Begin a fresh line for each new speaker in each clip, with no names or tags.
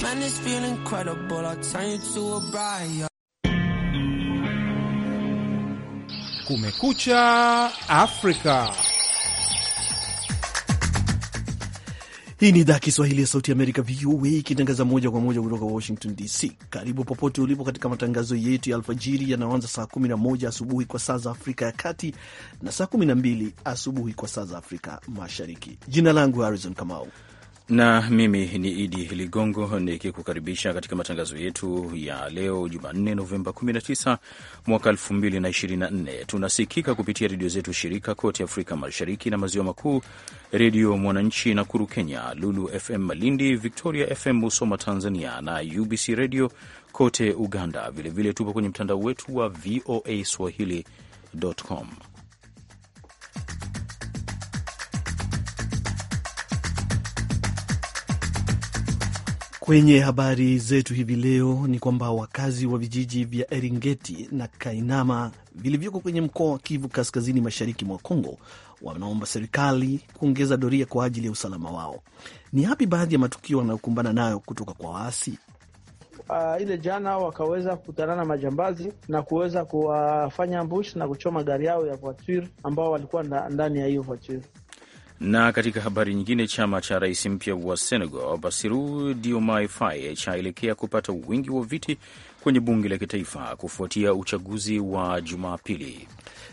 Man, this feel incredible. I'll turn you to a bride.
Kumekucha Afrika.
Hii ni idhaa Kiswahili ya Sauti ya Amerika, VOA, ikitangaza moja kwa moja kutoka Washington DC. Karibu popote ulipo katika matangazo yetu ya alfajiri yanayoanza saa 11 asubuhi kwa saa za Afrika ya Kati na saa 12 asubuhi kwa saa za Afrika Mashariki. Jina langu Harrison Kamau
na mimi ni Idi Ligongo nikikukaribisha katika matangazo yetu ya leo Jumanne, Novemba 19 mwaka 2024. Tunasikika kupitia redio zetu shirika kote Afrika Mashariki na Maziwa Makuu, Redio Mwananchi Nakuru Kenya, Lulu FM Malindi, Victoria FM Musoma Tanzania na UBC Redio kote Uganda. Vilevile tupo kwenye mtandao wetu wa VOA swahili.com.
Kwenye habari zetu hivi leo ni kwamba wakazi wa vijiji vya Eringeti na Kainama vilivyoko kwenye mkoa wa Kivu kaskazini mashariki mwa congo wanaomba serikali kuongeza doria kwa ajili ya usalama wao. Ni yapi baadhi ya matukio wanayokumbana nayo kutoka kwa waasi?
Uh, ile jana wakaweza kukutana na majambazi na kuweza kuwafanya ambush na kuchoma gari yao ya voiture ambao walikuwa ndani ya hiyo voiture.
Na katika habari nyingine, chama cha rais mpya wa Senegal basiru Diomaye Faye chaelekea kupata wingi wa viti kwenye bunge la kitaifa kufuatia uchaguzi wa Jumapili.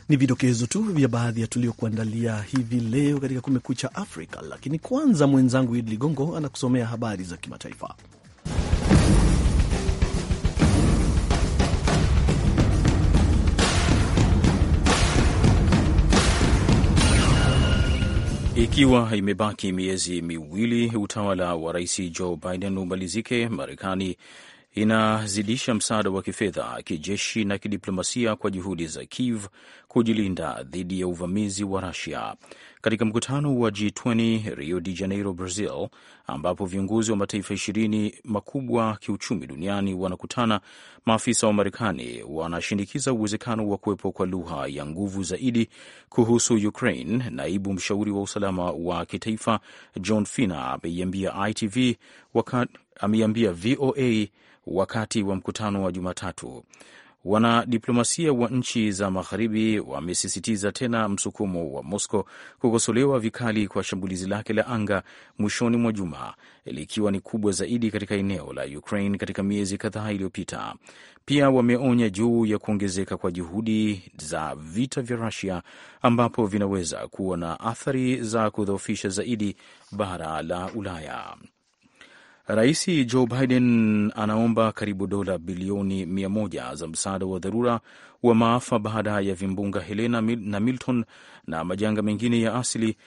Ni vidokezo tu vya baadhi ya tuliokuandalia hivi leo katika Kumekucha Afrika, lakini kwanza mwenzangu Idi Ligongo anakusomea habari za kimataifa.
Ikiwa imebaki miezi miwili utawala wa rais Joe Biden umalizike, Marekani inazidisha msaada wa kifedha, kijeshi na kidiplomasia kwa juhudi za Kiev kujilinda dhidi ya uvamizi wa Rusia katika mkutano wa G20 Rio de Janeiro, Brazil, ambapo viongozi wa mataifa ishirini makubwa kiuchumi duniani wanakutana. Maafisa wa Marekani wanashinikiza uwezekano wa kuwepo kwa lugha ya nguvu zaidi kuhusu Ukraine. Naibu mshauri wa usalama wa kitaifa John Fina ameiambia ITV, ameiambia VOA wakati wa mkutano wa Jumatatu Wanadiplomasia wa nchi za magharibi wamesisitiza tena msukumo wa Moscow kukosolewa vikali kwa shambulizi lake la anga mwishoni mwa juma, likiwa ni kubwa zaidi katika eneo la Ukraine katika miezi kadhaa iliyopita. Pia wameonya juu ya kuongezeka kwa juhudi za vita vya Rusia, ambapo vinaweza kuwa na athari za kudhoofisha zaidi bara la Ulaya. Rais Joe Biden anaomba karibu dola bilioni mia moja za msaada wa dharura wa maafa baada ya vimbunga Helena na Milton na majanga mengine ya asili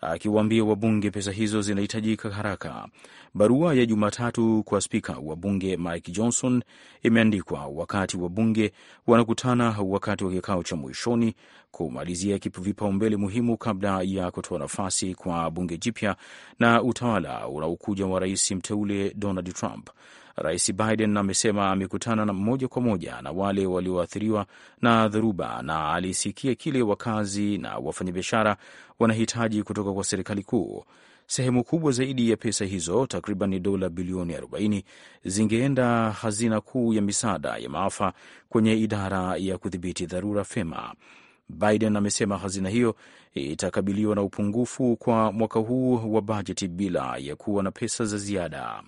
akiwaambia wabunge pesa hizo zinahitajika haraka. Barua ya Jumatatu kwa spika wa bunge Mike Johnson imeandikwa wakati wabunge wanakutana wakati wa kikao cha mwishoni kumalizia vipaumbele muhimu kabla ya kutoa nafasi kwa bunge jipya na utawala unaokuja wa rais mteule Donald Trump. Rais Biden amesema amekutana na moja kwa moja na wale walioathiriwa na dhoruba na alisikia kile wakazi na wafanyabiashara wanahitaji kutoka kwa serikali kuu. Sehemu kubwa zaidi ya pesa hizo, takriban dola bilioni 40, zingeenda hazina kuu ya misaada ya maafa kwenye idara ya kudhibiti dharura FEMA. Biden amesema hazina hiyo itakabiliwa na upungufu kwa mwaka huu wa bajeti bila ya kuwa na pesa za ziada.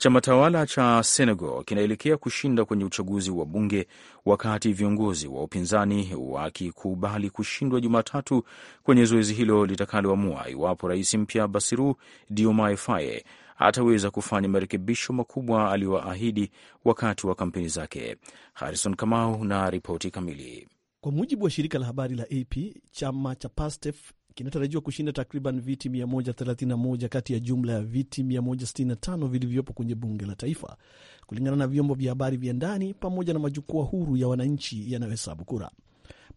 Chama tawala cha Senegal kinaelekea kushinda kwenye uchaguzi wa bunge wakati viongozi wa upinzani wakikubali kushindwa Jumatatu kwenye zoezi hilo litakaloamua iwapo rais mpya basiru Diomaye Faye ataweza kufanya marekebisho makubwa aliyoahidi wakati wa kampeni zake. Harrison Kamau na ripoti kamili.
Kwa mujibu wa shirika la habari la AP, chama cha PASTEF kinatarajiwa kushinda takriban viti 131 kati ya jumla ya viti 165 vilivyopo kwenye bunge la taifa, kulingana na vyombo vya habari vya ndani pamoja na majukwaa huru ya wananchi yanayohesabu kura.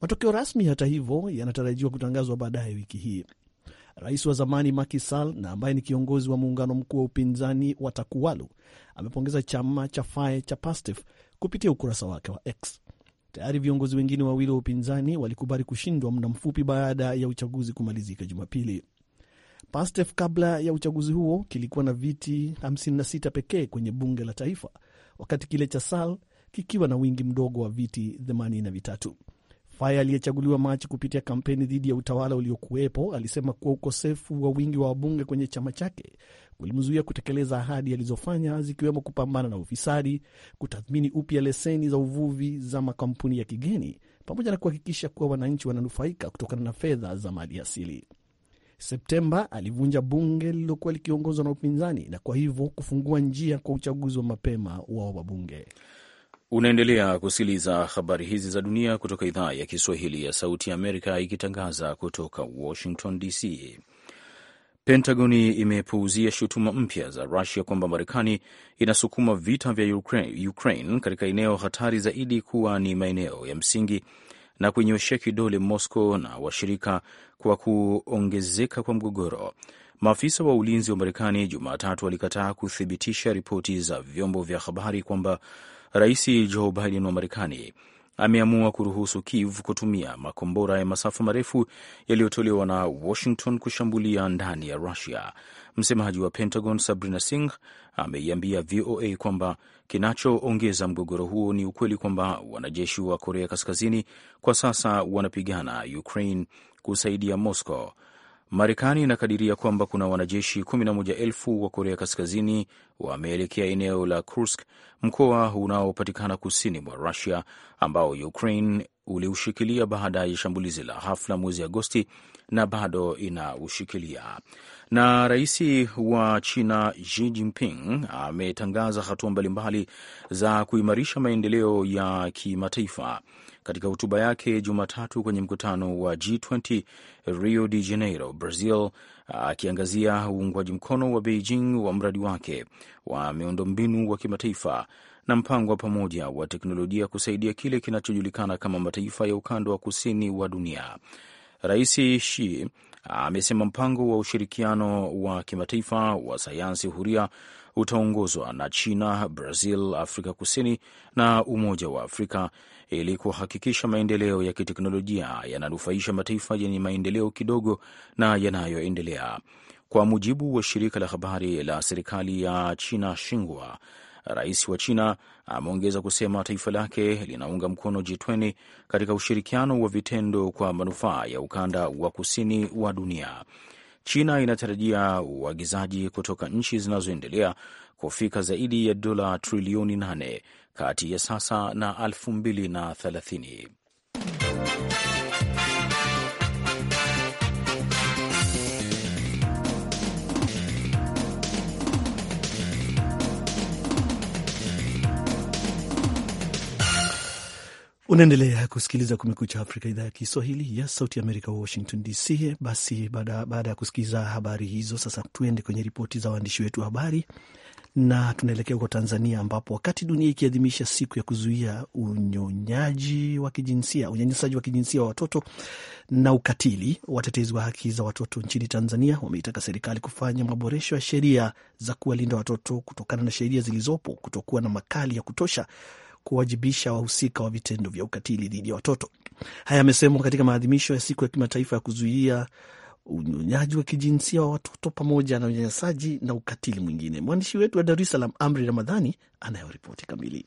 Matokeo rasmi, hata hivyo, yanatarajiwa kutangazwa baadaye wiki hii. Rais wa zamani Macky Sall na ambaye ni kiongozi wa muungano mkuu wa upinzani wa Takualu amepongeza chama cha Fae cha Pastef kupitia ukurasa wake wa X. Tayari viongozi wengine wawili wa upinzani walikubali kushindwa muda mfupi baada ya uchaguzi kumalizika Jumapili. PASTEF kabla ya uchaguzi huo kilikuwa na viti 56 pekee kwenye bunge la taifa, wakati kile cha SAL kikiwa na wingi mdogo wa viti 83. Faye aliyechaguliwa Machi kupitia kampeni dhidi ya utawala uliokuwepo alisema kuwa ukosefu wa wingi wa wabunge kwenye chama chake kulimzuia kutekeleza ahadi alizofanya zikiwemo kupambana na ufisadi, kutathmini upya leseni za uvuvi za makampuni ya kigeni, pamoja na kuhakikisha kuwa wananchi wananufaika kutokana na fedha za mali asili. Septemba alivunja bunge lililokuwa likiongozwa na upinzani na kwa hivyo kufungua njia kwa uchaguzi wa mapema wa wabunge.
Unaendelea kusikiliza habari hizi za dunia kutoka idhaa ya Kiswahili ya Sauti ya Amerika ikitangaza kutoka Washington DC. Pentagoni imepuuzia shutuma mpya za Rusia kwamba Marekani inasukuma vita vya Ukraine, Ukraine katika eneo hatari zaidi kuwa ni maeneo ya msingi na kuinyoshea kidole Moscow na washirika kwa kuongezeka kwa mgogoro. Maafisa wa ulinzi wa Marekani Jumatatu walikataa kuthibitisha ripoti za vyombo vya habari kwamba Rais Joe Biden wa Marekani ameamua kuruhusu Kiev kutumia makombora ya masafa marefu yaliyotolewa na Washington kushambulia ndani ya Russia. Msemaji wa Pentagon Sabrina Singh ameiambia VOA kwamba kinachoongeza mgogoro huo ni ukweli kwamba wanajeshi wa Korea Kaskazini kwa sasa wanapigana Ukraine kusaidia Moscow Marekani inakadiria kwamba kuna wanajeshi 11,000 wa Korea Kaskazini wameelekea eneo la Kursk, mkoa unaopatikana kusini mwa Rusia ambao Ukraine uliushikilia baada ya shambulizi la hafla mwezi Agosti na bado inaushikilia. Na rais wa China Xi Jinping ametangaza hatua mbalimbali za kuimarisha maendeleo ya kimataifa katika hotuba yake Jumatatu kwenye mkutano wa G20 Rio de Janeiro, Brazil, akiangazia uungwaji mkono wa Beijing wa mradi wake wa miundombinu wa kimataifa na mpango wa pamoja wa teknolojia kusaidia kile kinachojulikana kama mataifa ya ukanda wa kusini wa dunia. Rais Xi amesema mpango wa ushirikiano wa kimataifa wa sayansi huria utaongozwa na China, Brazil, Afrika Kusini na Umoja wa Afrika ili kuhakikisha maendeleo ya kiteknolojia yananufaisha mataifa yenye maendeleo kidogo na yanayoendelea. Kwa mujibu wa shirika la habari la serikali ya China Xinhua, Rais wa China ameongeza kusema taifa lake linaunga mkono G20 katika ushirikiano wa vitendo kwa manufaa ya ukanda wa kusini wa dunia. China inatarajia uagizaji kutoka nchi zinazoendelea kufika zaidi ya dola trilioni 8 kati ya sasa na 2030.
Unaendelea kusikiliza Kumekucha Afrika, idhaa ya Kiswahili ya Sauti Amerika, Washington DC. Basi baada ya kusikiliza habari hizo, sasa tuende kwenye ripoti za waandishi wetu wa habari, na tunaelekea huko Tanzania, ambapo wakati dunia ikiadhimisha siku ya kuzuia unyonyaji wa kijinsia, unyanyasaji wa kijinsia wa watoto na ukatili, watetezi wa haki za watoto nchini Tanzania wameitaka serikali kufanya maboresho ya sheria za kuwalinda watoto kutokana na sheria zilizopo kutokuwa na makali ya kutosha kuwajibisha wahusika wa vitendo vya ukatili dhidi ya watoto. Haya yamesemwa katika maadhimisho ya siku ya kimataifa ya kuzuia unyonyaji wa kijinsia wa watoto pamoja na unyanyasaji na ukatili mwingine. Mwandishi wetu wa Dar es Salaam, Amri Ramadhani, anayoripoti kamili.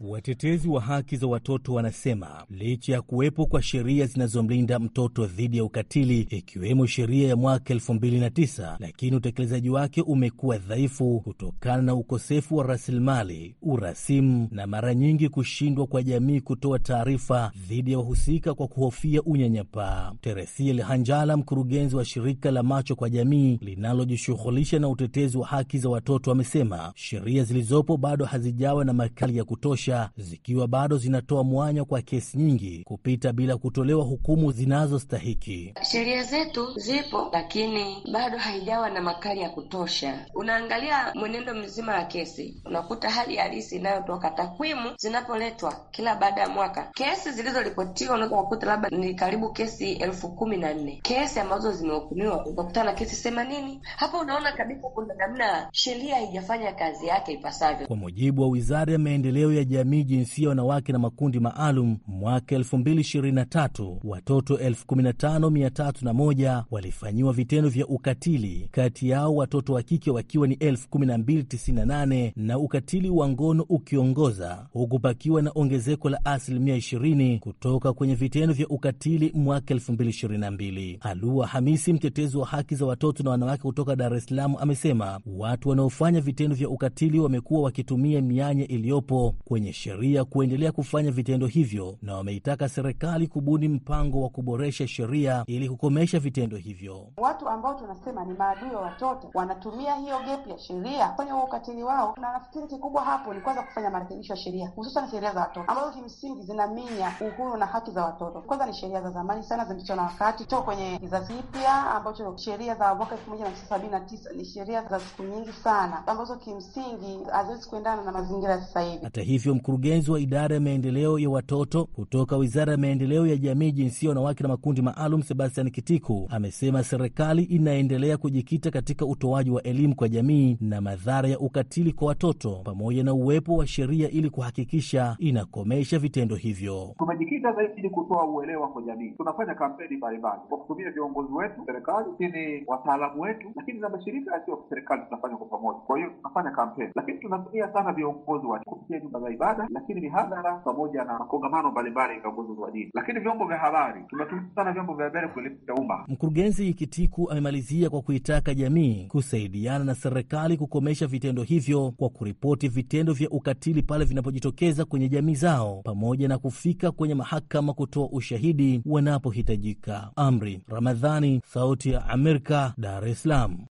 Watetezi wa haki za watoto wanasema licha ya kuwepo kwa sheria zinazomlinda mtoto dhidi ya ukatili ikiwemo sheria ya mwaka 2009 lakini utekelezaji wake umekuwa dhaifu kutokana na ukosefu wa rasilimali, urasimu na mara nyingi kushindwa kwa jamii kutoa taarifa dhidi ya wahusika kwa kuhofia unyanyapaa. Teresia Hanjala, mkurugenzi wa shirika la Macho kwa Jamii linalojishughulisha na utetezi wa haki za watoto, amesema sheria zilizopo bado hazijawa na makali ya kutosha kutosha zikiwa bado zinatoa mwanya kwa kesi nyingi kupita bila kutolewa hukumu zinazostahiki.
Sheria zetu zipo, lakini bado haijawa na makali ya kutosha. Unaangalia mwenendo mzima wa kesi, unakuta hali halisi inayotoka, takwimu zinapoletwa kila baada ya mwaka, kesi zilizoripotiwa unaweza kukuta labda ni karibu kesi elfu kumi na nne kesi ambazo zimehukumiwa unakutana na kesi themanini. Hapo unaona kabisa kuna namna sheria haijafanya kazi yake ipasavyo. Kwa
mujibu wa wizara ya maendeleo ya jamii, jinsia, wanawake na makundi maalum, mwaka 2023 watoto 15301 walifanyiwa vitendo vya ukatili, kati yao watoto wa kike wakiwa ni 12098 na ukatili wa ngono ukiongoza, huku pakiwa na ongezeko la asilimia 20 kutoka kwenye vitendo vya ukatili mwaka 2022. Alua Hamisi, mtetezi wa haki za watoto na wanawake kutoka Dar es Salaam, amesema watu wanaofanya vitendo vya ukatili wamekuwa wakitumia mianya iliyopo kwenye wenye sheria kuendelea kufanya vitendo hivyo na wameitaka serikali kubuni mpango wa kuboresha sheria ili kukomesha vitendo hivyo.
Watu ambao tunasema ni maadui wa watoto wanatumia hiyo gepi ya sheria kufanya huo ukatili wao, na nafikiri kikubwa hapo ni kwanza kufanya marekebisho ya sheria, hususan sheria za watoto ambazo kimsingi zinaminya uhuru na haki za watoto. Kwanza ni sheria za zamani sana zilicho na wakati to kwenye kizazi kipya ambacho sheria za mwaka elfu moja mia tisa sabini na tisa ni sheria za siku nyingi sana ambazo kimsingi haziwezi kuendana na mazingira ya sasa hivi. Hata
hivyo huyo mkurugenzi wa idara ya maendeleo ya watoto kutoka Wizara ya Maendeleo ya Jamii, Jinsia, Wanawake na Makundi Maalum, Sebastian Kitiku amesema serikali inaendelea kujikita katika utoaji wa elimu kwa jamii na madhara ya ukatili kwa watoto pamoja na uwepo wa sheria ili kuhakikisha inakomesha vitendo hivyo.
Tumejikita zaidi ili kutoa uelewa kwa jamii. Tunafanya kampeni mbalimbali kwa kutumia viongozi wetu serikali, lakini wataalamu wetu, lakini na mashirika yasiyo serikali, tunafanya kwa pamoja. Kwa hiyo tunafanya kampeni, lakini tunatumia sana viongozi wa kupitia nyumba za ibada ibada, lakini mihadhara pamoja na makongamano mbalimbali ya viongozi wa dini. Lakini vyombo vya habari, tunatumia sana vyombo vya habari kuelimisha umma.
Mkurugenzi Kitiku amemalizia kwa kuitaka jamii kusaidiana na serikali kukomesha vitendo hivyo kwa kuripoti vitendo vya ukatili pale vinapojitokeza kwenye jamii zao, pamoja na kufika kwenye mahakama kutoa ushahidi wanapohitajika. Amri Ramadhani, Sauti ya Amerika, Dar es Salaam.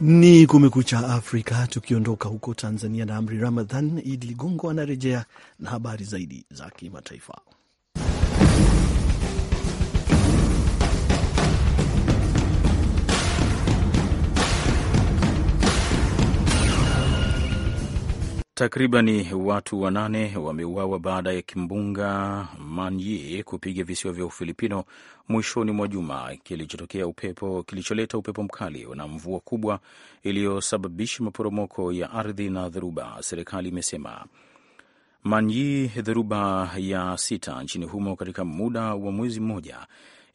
Ni Kumekucha Afrika, tukiondoka huko Tanzania na Amri Ramadhan. Idi Ligongo anarejea na habari zaidi za kimataifa.
Takribani watu wanane wameuawa baada ya kimbunga Manye kupiga visiwa vya Ufilipino mwishoni mwa juma kilichotokea upepo kilicholeta upepo mkali na mvua kubwa iliyosababisha maporomoko ya ardhi na dhoruba, serikali imesema. Manyi, dhoruba ya sita nchini humo katika muda wa mwezi mmoja,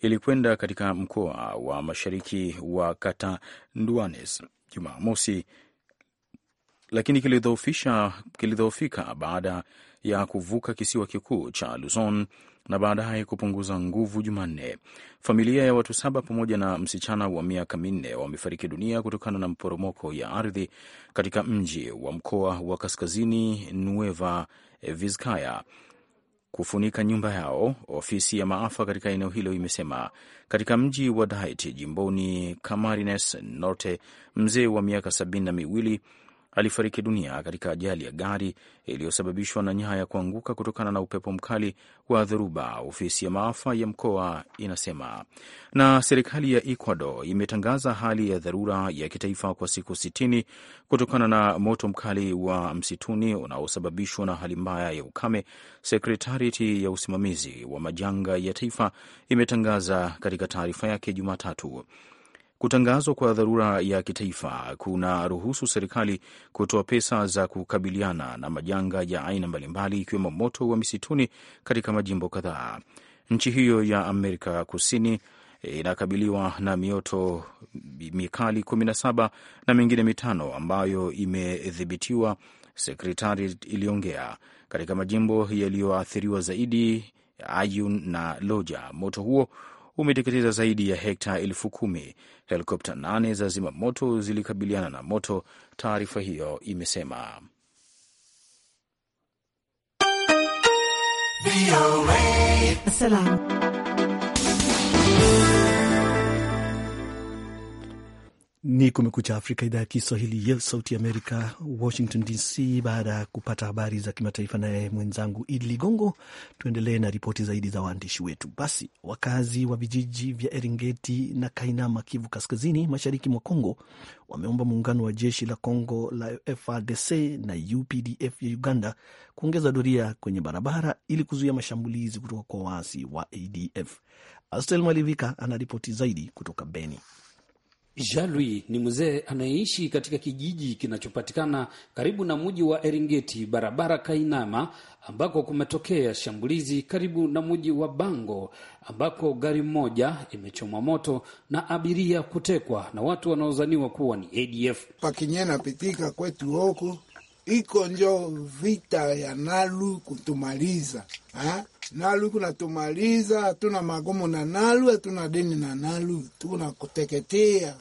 ilikwenda katika mkoa wa mashariki wa Catanduanes Jumamosi lakini kilidhoofika baada ya kuvuka kisiwa kikuu cha Luzon na baadaye kupunguza nguvu Jumanne. Familia ya watu saba pamoja na msichana wa miaka minne wamefariki dunia kutokana na mporomoko ya ardhi katika mji wa mkoa wa kaskazini Nueva Vizcaya kufunika nyumba yao. Ofisi ya maafa katika eneo hilo imesema. Katika mji wa Dait jimboni Camarines Norte, mzee wa miaka sabini na miwili alifariki dunia katika ajali ya gari iliyosababishwa na nyaya kuanguka kutokana na upepo mkali wa dhoruba, ofisi ya maafa ya mkoa inasema. Na serikali ya Ecuador imetangaza hali ya dharura ya kitaifa kwa siku sitini kutokana na moto mkali wa msituni unaosababishwa na hali mbaya ya ukame. Sekretariti ya usimamizi wa majanga ya taifa imetangaza katika taarifa yake Jumatatu Kutangazwa kwa dharura ya kitaifa kuna ruhusu serikali kutoa pesa za kukabiliana na majanga ya aina mbalimbali ikiwemo moto wa misituni katika majimbo kadhaa. Nchi hiyo ya Amerika Kusini inakabiliwa na mioto mikali 17 na mingine mitano ambayo imedhibitiwa, sekretari iliongea. Katika majimbo yaliyoathiriwa zaidi Ayun na Loja, moto huo umeteketeza zaidi ya hekta elfu kumi. Helikopta nane za zima moto zilikabiliana na moto, taarifa hiyo imesema.
Salam.
Ni Kumekucha Afrika, idhaa ya Kiswahili ya Sauti Amerika, Washington DC. Baada ya kupata habari za kimataifa naye mwenzangu Idi Ligongo, tuendelee na ripoti zaidi za waandishi wetu. Basi, wakazi wa vijiji vya Eringeti na Kainama, Kivu Kaskazini, mashariki mwa congo wameomba muungano wa jeshi la congo la frdc na UPDF ya Uganda kuongeza doria kwenye barabara ili kuzuia mashambulizi kutoka kwa waasi wa
ADF. Astel Malivika ana ripoti zaidi kutoka Beni. Jalwi ni mzee anayeishi katika kijiji kinachopatikana karibu na mji wa Eringeti, barabara Kainama, ambako kumetokea shambulizi karibu na mji wa Bango, ambako gari moja imechomwa moto na abiria kutekwa na watu wanaozaniwa kuwa ni ADF.
pakinye napitika kwetu huko iko njo vita ya Nalu kutumaliza ha? Nalu kunatumaliza, hatuna magomo na Nalu, hatuna deni na Nalu, tunakuteketea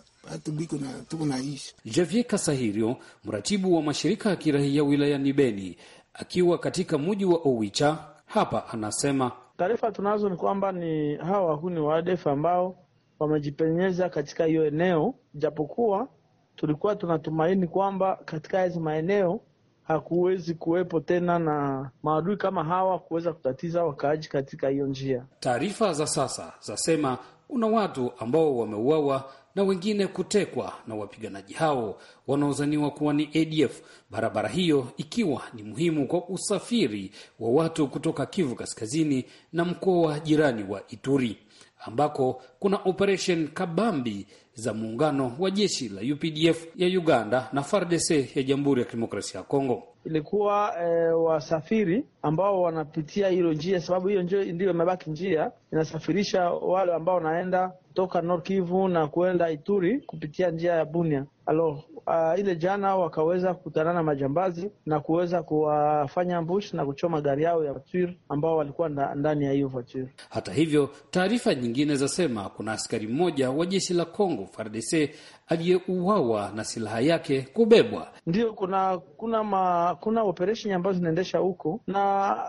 tukunaisha. Javier Kasahirio, mratibu wa mashirika ya kiraia wilayani Beni, akiwa katika muji wa Owicha hapa, anasema taarifa tunazo ni kwamba
ni hawa wahuni wa ADF ambao wamejipenyeza katika hiyo eneo, japokuwa tulikuwa tunatumaini kwamba katika hizi maeneo hakuwezi kuwepo tena na maadui kama hawa kuweza kutatiza wakaaji katika hiyo njia.
Taarifa za sasa zasema kuna watu ambao wameuawa na wengine kutekwa na wapiganaji hao wanaozaniwa kuwa ni ADF. Barabara hiyo ikiwa ni muhimu kwa usafiri wa watu kutoka Kivu Kaskazini na mkoa wa jirani wa Ituri ambako kuna operesheni kabambi za muungano wa jeshi la UPDF ya Uganda na FARDC ya Jamhuri ya Kidemokrasia ya Kongo ilikuwa
e, wasafiri ambao wanapitia hilo njia, sababu hiyo ndiyo imebaki njia inasafirisha wale ambao wanaenda kutoka North Kivu na kuenda Ituri kupitia njia ya Bunia. Alo, uh, ile jana wakaweza kukutana na majambazi na kuweza kuwafanya ambush na kuchoma gari yao ya voiture ambao walikuwa ndani ya hiyo voiture.
Hata hivyo, taarifa nyingine zasema kuna askari mmoja wa jeshi la congo FARDC aliyeuawa na silaha yake kubebwa.
Ndio kuna kuna ma, kuna operesheni ambazo zinaendesha huko, na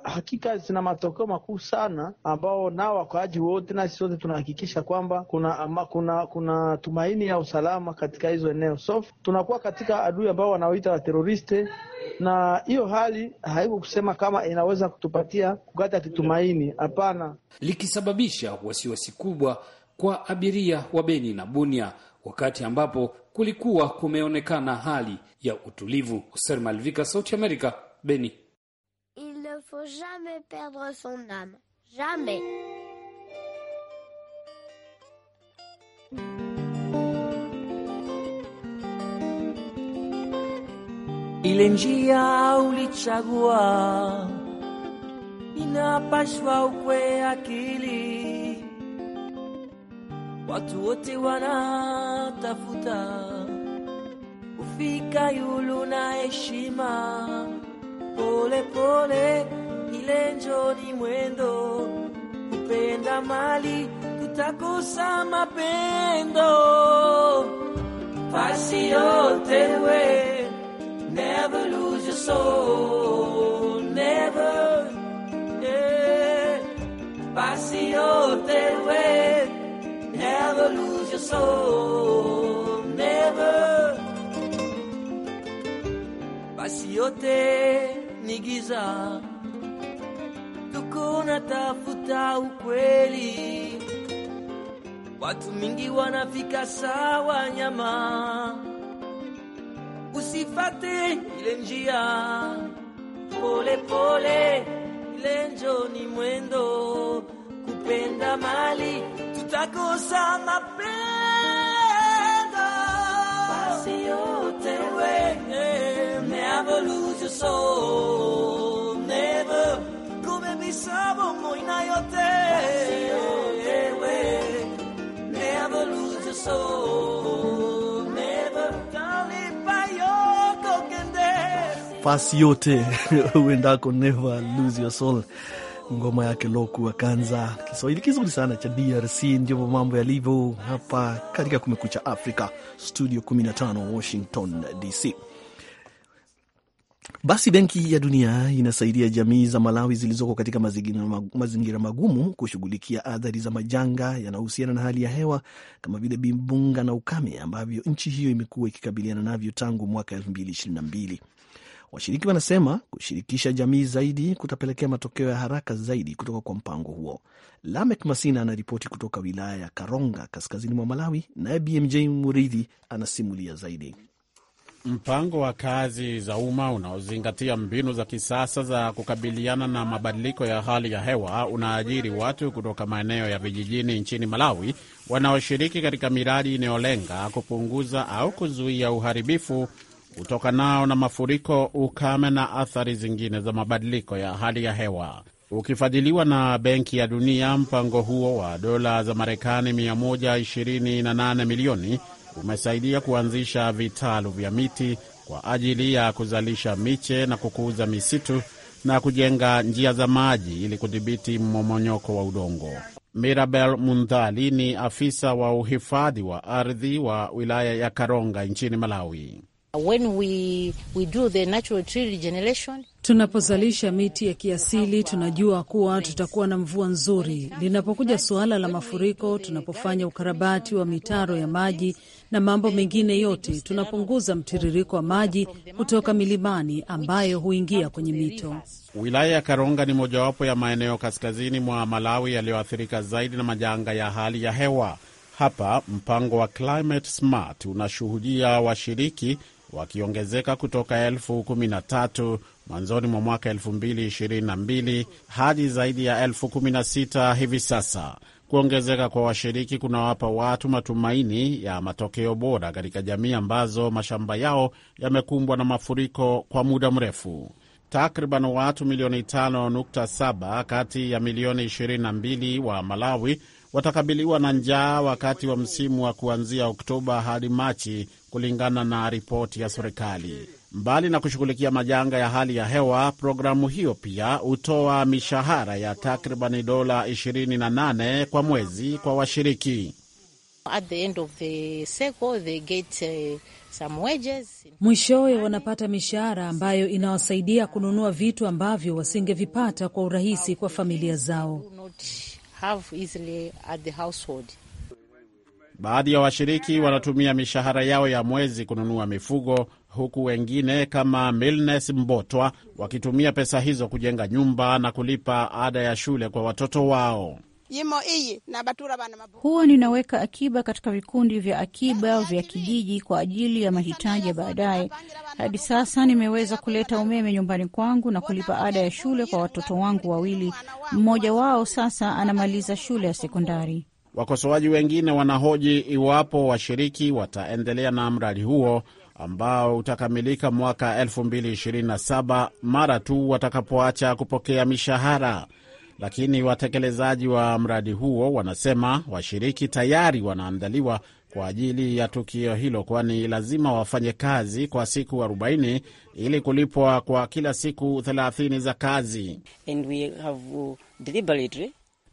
hakika zina matokeo makuu sana, ambao nao wakaaji wote na sisi wote tunahakikisha kwamba kuna, ama, kuna kuna tumaini ya usalama katika hizo eneo sof. Tunakuwa katika adui ambao wanaoita wateroriste, na hiyo hali haiko kusema kama inaweza kutupatia kukata kitumaini, hapana,
likisababisha wasiwasi kubwa kwa abiria wa Beni na Bunia wakati ambapo kulikuwa kumeonekana hali ya utulivu. Oser Malvika, Sauti Amerika, Beni.
Il ne faut jamais perdre son Jamais. Ile njia ulichagua inapashwa ukwe akili watu wote wanatafuta kufika yulu na heshima. Pole pole ile njo ni mwendo, kupenda mali kutakosa mapendo. Pasi yote we, never lose your soul soul, never. Basi yote ni giza, tuko natafuta ukweli. Watu mingi wanafika sawa nyama, usifate ile njia, pole pole, ile njo ni mwendo kupenda mali Muita te wene, never lose your soul. Never, come mi savo moina yo te. Pasio te never lose your soul. Never, kali pa yo
kokende. Pasio te, wendako never lose your soul. ngoma yake Loku kanza Kiswahili kizuri sana cha DRC. Ndivyo mambo yalivyo hapa katika Kumekucha Afrika, studio 15 Washington DC. Basi Benki ya Dunia inasaidia jamii za Malawi zilizoko katika mazingira magumu kushughulikia athari za majanga yanayohusiana na hali ya hewa kama vile bimbunga na ukame ambavyo nchi hiyo imekuwa ikikabiliana navyo tangu mwaka 2022. Washiriki wanasema kushirikisha jamii zaidi kutapelekea matokeo ya haraka zaidi kutoka kwa mpango huo. Lamek Masina anaripoti kutoka wilaya ya Karonga, kaskazini mwa Malawi, naye BMJ Muridhi anasimulia zaidi.
Mpango wa kazi za umma unaozingatia mbinu za kisasa za kukabiliana na mabadiliko ya hali ya hewa unaajiri watu kutoka maeneo ya vijijini nchini Malawi wanaoshiriki katika miradi inayolenga kupunguza au kuzuia uharibifu utokanao na mafuriko, ukame na athari zingine za mabadiliko ya hali ya hewa. Ukifadhiliwa na Benki ya Dunia, mpango huo wa dola za Marekani 128 milioni umesaidia kuanzisha vitalu vya miti kwa ajili ya kuzalisha miche na kukuza misitu na kujenga njia za maji ili kudhibiti mmomonyoko wa udongo. Mirabel Mundhali ni afisa wa uhifadhi wa ardhi wa wilaya ya Karonga nchini Malawi.
When we, we do the natural tree regeneration, tunapozalisha miti ya kiasili tunajua kuwa tutakuwa na mvua nzuri. Linapokuja suala la mafuriko, tunapofanya ukarabati wa mitaro ya maji na mambo mengine yote, tunapunguza mtiririko wa maji kutoka milimani ambayo huingia kwenye mito.
Wilaya ya Karonga ni mojawapo ya maeneo kaskazini mwa Malawi yaliyoathirika zaidi na majanga ya hali ya hewa. Hapa mpango wa Climate Smart unashuhudia washiriki wakiongezeka kutoka elfu kumi na tatu mwanzoni mwa mwaka 222 hadi zaidi ya elfu kumi na sita hivi sasa. Kuongezeka kwa washiriki kunawapa watu matumaini ya matokeo bora katika jamii ambazo mashamba yao yamekumbwa na mafuriko kwa muda mrefu. Takriban watu milioni 5.7 kati ya milioni 22 wa Malawi watakabiliwa na njaa wakati wa msimu wa kuanzia Oktoba hadi Machi kulingana na ripoti ya serikali. Mbali na kushughulikia majanga ya hali ya hewa, programu hiyo pia hutoa mishahara ya takribani dola 28 kwa mwezi kwa washiriki.
Eh, Mwishowe wanapata mishahara ambayo inawasaidia kununua vitu ambavyo wasingevipata kwa urahisi kwa familia zao.
Baadhi ya washiriki wanatumia mishahara yao ya mwezi kununua mifugo, huku wengine kama Milnes Mbotwa wakitumia pesa hizo kujenga nyumba na kulipa ada ya shule kwa watoto wao.
Huwa ninaweka akiba katika vikundi vya akiba vya kijiji kwa ajili ya mahitaji ya baadaye. Hadi sasa nimeweza kuleta umeme nyumbani kwangu na kulipa ada ya shule kwa watoto wangu wawili. Mmoja wao sasa anamaliza shule ya sekondari.
Wakosoaji wengine wanahoji iwapo washiriki wataendelea na mradi huo ambao utakamilika mwaka 2027 mara tu watakapoacha kupokea mishahara. Lakini watekelezaji wa mradi huo wanasema washiriki tayari wanaandaliwa kwa ajili ya tukio hilo, kwani lazima wafanye kazi kwa siku 40 ili kulipwa kwa kila siku 30 za kazi
And we have uh,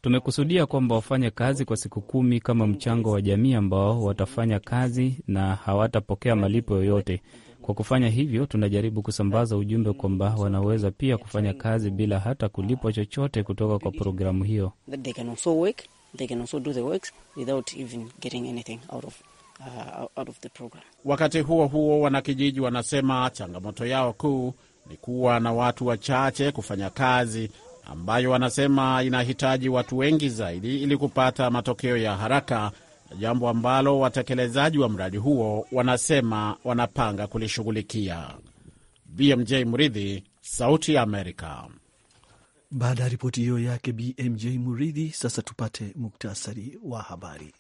Tumekusudia kwamba wafanye kazi kwa siku kumi kama mchango wa jamii ambao watafanya kazi na hawatapokea malipo yoyote. Kwa kufanya hivyo, tunajaribu kusambaza ujumbe kwamba wanaweza pia kufanya kazi bila hata kulipwa chochote kutoka kwa programu hiyo.
Uh,
Wakati huo huo, wanakijiji wanasema changamoto yao kuu ni kuwa na watu wachache kufanya kazi ambayo wanasema inahitaji watu wengi zaidi ili kupata matokeo ya haraka, jambo ambalo watekelezaji wa mradi huo wanasema wanapanga kulishughulikia. BMJ Mridhi, Sauti ya Amerika.
Baada ya ripoti hiyo yake BMJ Muridhi, sasa tupate muktasari wa habari.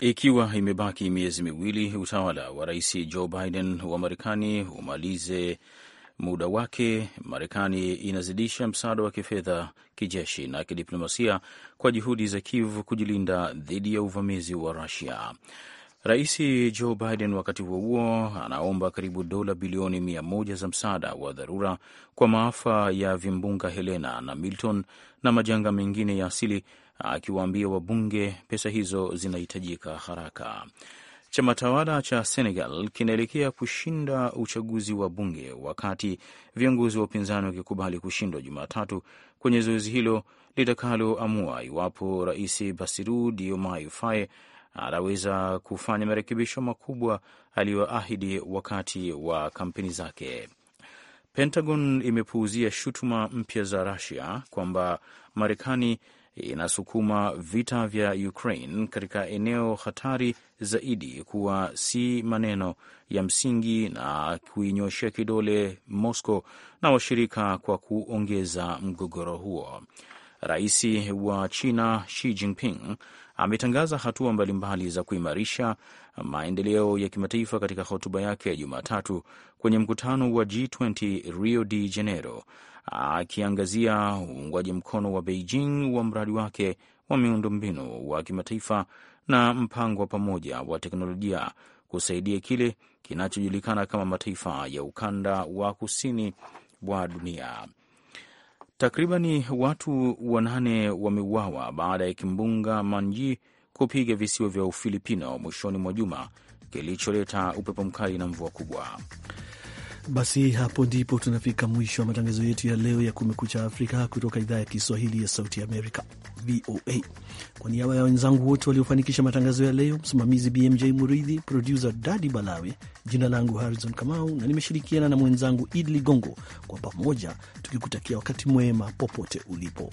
Ikiwa imebaki miezi miwili utawala wa rais Joe Biden wa Marekani umalize muda wake, Marekani inazidisha msaada wa kifedha, kijeshi na kidiplomasia kwa juhudi za Kiev kujilinda dhidi ya uvamizi wa Rusia. Rais Joe Biden wakati huo huo anaomba karibu dola bilioni mia moja za msaada wa dharura kwa maafa ya vimbunga Helena na Milton na majanga mengine ya asili akiwaambia wabunge pesa hizo zinahitajika haraka. Chama tawala cha Senegal kinaelekea kushinda uchaguzi wa bunge, wakati viongozi wa upinzani wakikubali kushindwa Jumatatu kwenye zoezi hilo litakaloamua iwapo Rais basiru Diomaye Faye anaweza kufanya marekebisho makubwa aliyoahidi wakati wa kampeni zake. Pentagon imepuuzia shutuma mpya za rasia kwamba Marekani inasukuma vita vya Ukraine katika eneo hatari zaidi kuwa si maneno ya msingi na kuinyoshea kidole Moscow na washirika kwa kuongeza mgogoro huo. Rais wa China Xi Jinping ametangaza hatua mbalimbali za kuimarisha maendeleo ya kimataifa katika hotuba yake ya Jumatatu kwenye mkutano wa G20 Rio de Janeiro, akiangazia uungwaji mkono wa Beijing wa mradi wake wa miundombinu wa kimataifa na mpango wa pamoja wa teknolojia kusaidia kile kinachojulikana kama mataifa ya ukanda wa kusini wa dunia. Takribani watu wanane wameuawa baada ya kimbunga Manji kupiga visiwa vya Ufilipino mwishoni mwa juma, kilicholeta upepo mkali na mvua kubwa.
Basi hapo ndipo tunafika mwisho wa matangazo yetu ya leo ya Kumekucha Afrika kutoka idhaa ya Kiswahili ya Sauti ya Amerika, VOA. Kwa niaba ya wenzangu wote waliofanikisha matangazo ya leo, msimamizi BMJ Muridhi, produsa Dadi Balawe, jina langu Harrison Kamau na nimeshirikiana na mwenzangu Id Ligongo, kwa pamoja tukikutakia wakati mwema popote ulipo.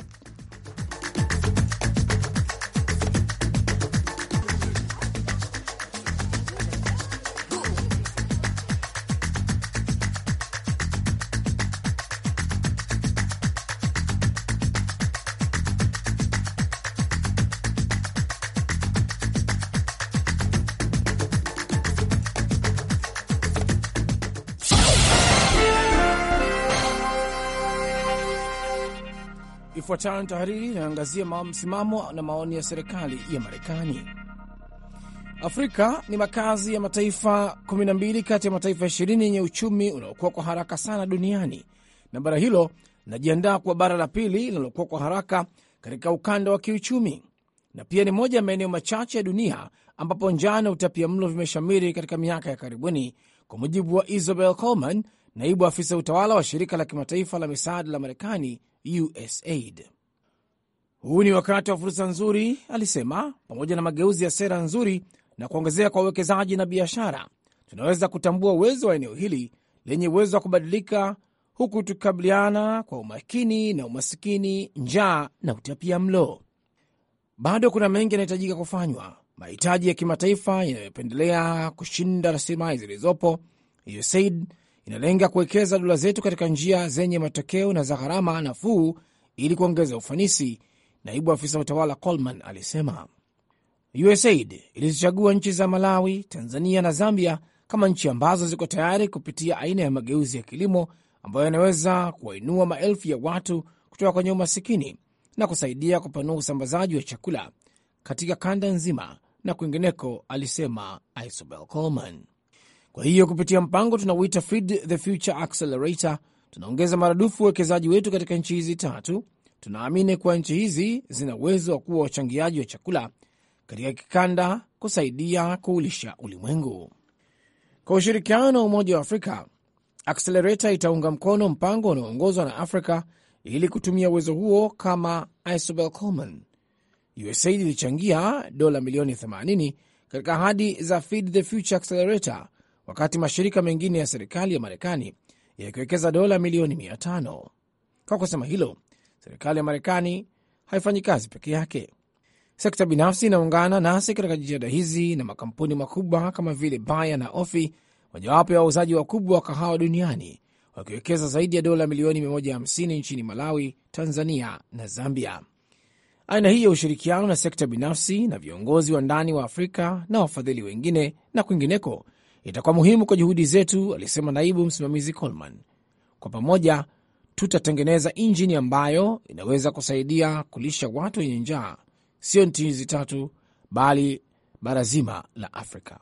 Ifuatayo ni tahariri inayoangazia msimamo na maoni ya serikali ya Marekani. Afrika ni makazi ya mataifa 12 kati ya mataifa 20 yenye uchumi unaokuwa kwa haraka sana duniani, na bara hilo linajiandaa kuwa bara la pili linalokuwa kwa haraka katika ukanda wa kiuchumi, na pia ni moja ya maeneo machache ya dunia ambapo njaa na utapia mlo vimeshamiri katika miaka ya karibuni, kwa mujibu wa Isabel Coleman, naibu afisa utawala wa shirika la kimataifa la misaada la Marekani USAID. Huu ni wakati wa fursa nzuri, alisema. Pamoja na mageuzi ya sera nzuri na kuongezea kwa uwekezaji na biashara, tunaweza kutambua uwezo wa eneo hili lenye uwezo wa kubadilika, huku tukikabiliana kwa umakini na umasikini, njaa na utapia mlo. Bado kuna mengi yanahitajika kufanywa, mahitaji ya kimataifa yanayopendelea kushinda rasilimali zilizopo. USAID inalenga kuwekeza dola zetu katika njia zenye matokeo na za gharama nafuu ili kuongeza ufanisi, naibu afisa utawala Coleman alisema. USAID ilizichagua nchi za Malawi, Tanzania na Zambia kama nchi ambazo ziko tayari kupitia aina ya mageuzi ya kilimo ambayo yanaweza kuwainua maelfu ya watu kutoka kwenye umasikini na kusaidia kupanua usambazaji wa chakula katika kanda nzima na kwingineko, alisema Isobel Coleman. Kwa hiyo kupitia mpango tunauita Feed the Future Accelerator, tunaongeza maradufu uwekezaji wetu katika nchi hizi tatu. Tunaamini kuwa nchi hizi zina uwezo wa kuwa wachangiaji wa chakula katika kikanda, kusaidia kuulisha ulimwengu. Kwa ushirikiano wa Umoja wa Afrika, Accelerator itaunga mkono mpango unaoongozwa na Afrika ili kutumia uwezo huo kama Isobel Coleman. USAID ilichangia dola milioni 80 katika ahadi za Feed the Future Accelerator wakati mashirika mengine ya serikali ya Marekani yakiwekeza dola milioni mia tano. Kwa kusema hilo, serikali ya Marekani haifanyi kazi peke yake. Sekta binafsi inaungana nasi katika jitihada hizi, na makampuni makubwa kama vile Bayer na Ofi, mojawapo ya wauzaji wakubwa wa kahawa duniani, wakiwekeza zaidi ya dola milioni 150 nchini Malawi, Tanzania na Zambia. Aina hii ya ushirikiano na sekta binafsi na viongozi wa ndani wa Afrika na wafadhili wengine na kwingineko itakuwa muhimu kwa juhudi zetu, alisema naibu msimamizi Coleman. Kwa pamoja tutatengeneza injini ambayo inaweza kusaidia kulisha watu wenye njaa, sio nchi hizi tatu, bali bara zima la Afrika.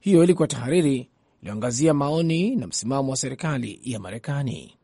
Hiyo ilikuwa tahariri iliyoangazia maoni na msimamo wa serikali ya Marekani.